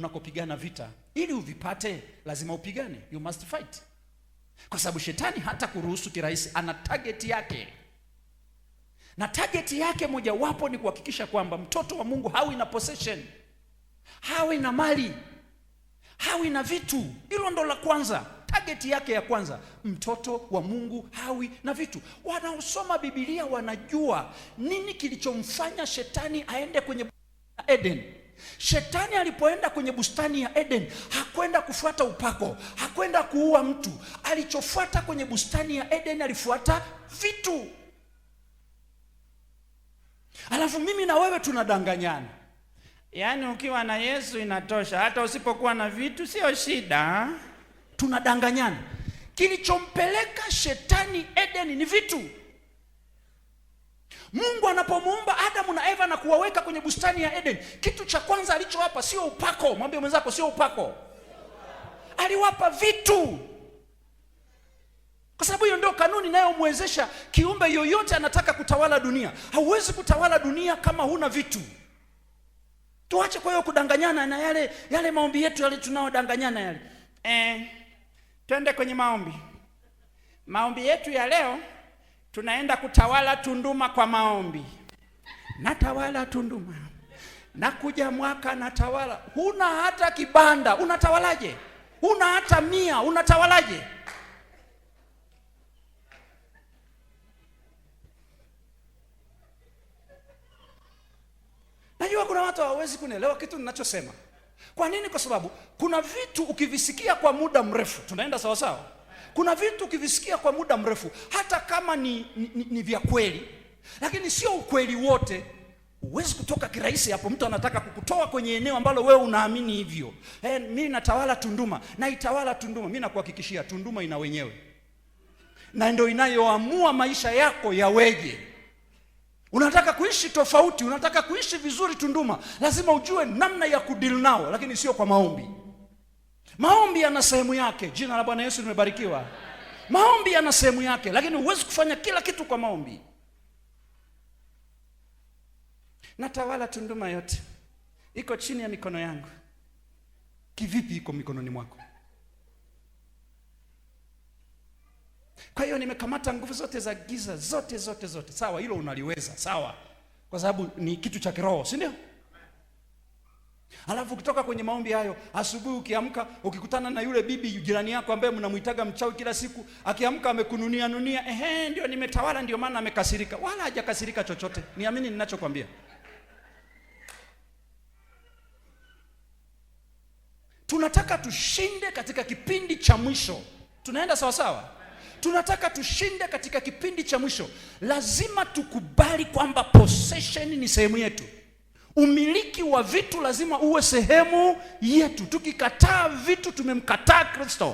unakopigana vita, ili uvipate lazima upigane, you must fight, kwa sababu shetani hata kuruhusu kirahisi, ana target yake, na target yake mojawapo ni kuhakikisha kwamba mtoto wa Mungu hawi na possession, hawi na mali, hawi na vitu. Hilo ndo la kwanza, target yake ya kwanza, mtoto wa Mungu hawi na vitu. Wanaosoma Biblia wanajua nini kilichomfanya shetani aende kwenye Eden Shetani alipoenda kwenye bustani ya Eden hakwenda kufuata upako, hakwenda kuua mtu. Alichofuata kwenye bustani ya Eden alifuata vitu. Alafu mimi na wewe tunadanganyana, yaani ukiwa na Yesu inatosha, hata usipokuwa na vitu sio shida. Tunadanganyana. Kilichompeleka shetani Eden ni vitu. Mungu anapomuumba Adamu na kuwaweka kwenye bustani ya Eden, kitu cha kwanza alichowapa sio upako. Mwambie mwenzako sio upako, aliwapa vitu, kwa sababu hiyo ndio kanuni inayomwezesha kiumbe yoyote anataka kutawala dunia. Hauwezi kutawala dunia kama huna vitu. Tuache kwa hiyo kudanganyana na yale yale maombi yetu yale tunaodanganyana yale. Eh, twende kwenye maombi. Maombi yetu ya leo tunaenda kutawala Tunduma kwa maombi natawala Tunduma, nakuja mwaka natawala. Huna hata kibanda, unatawalaje? Huna hata mia, unatawalaje? Najua kuna watu hawawezi kunielewa kitu ninachosema. Kwa nini? Kwa sababu kuna vitu ukivisikia kwa muda mrefu, tunaenda sawa sawa. Kuna vitu ukivisikia kwa muda mrefu, hata kama ni, ni, ni vya kweli lakini sio ukweli wote. Huwezi kutoka kirahisi hapo. Mtu anataka kukutoa kwenye eneo ambalo wewe unaamini hivyo. Hey, eh, mimi natawala Tunduma, naitawala Tunduma. Mimi nakuhakikishia Tunduma ina wenyewe, na ndio inayoamua maisha yako yaweje. Unataka kuishi tofauti, unataka kuishi vizuri Tunduma, lazima ujue namna ya kudil nao, lakini sio kwa maombi. Maombi yana sehemu yake. Jina la Bwana Yesu limebarikiwa. Maombi yana sehemu yake, lakini huwezi kufanya kila kitu kwa maombi natawala Tunduma yote, iko chini ya mikono yangu. Kivipi iko mikononi mwako? Kwa hiyo nimekamata nguvu zote za giza, zote zote zote. Sawa, hilo unaliweza, sawa, kwa sababu ni kitu cha kiroho, si ndio? Alafu kutoka kwenye maombi hayo, asubuhi ukiamka, ukikutana na yule bibi jirani yako ambaye mnamuitaga mchawi kila siku, akiamka amekununia nunia, ehe, ndio nimetawala, ndio maana amekasirika. Wala hajakasirika chochote, niamini ninachokwambia. Tunataka tushinde katika kipindi cha mwisho. Tunaenda sawa sawa? Tunataka tushinde katika kipindi cha mwisho. Lazima tukubali kwamba possession ni sehemu yetu. Umiliki wa vitu lazima uwe sehemu yetu. Tukikataa vitu, tumemkataa Kristo.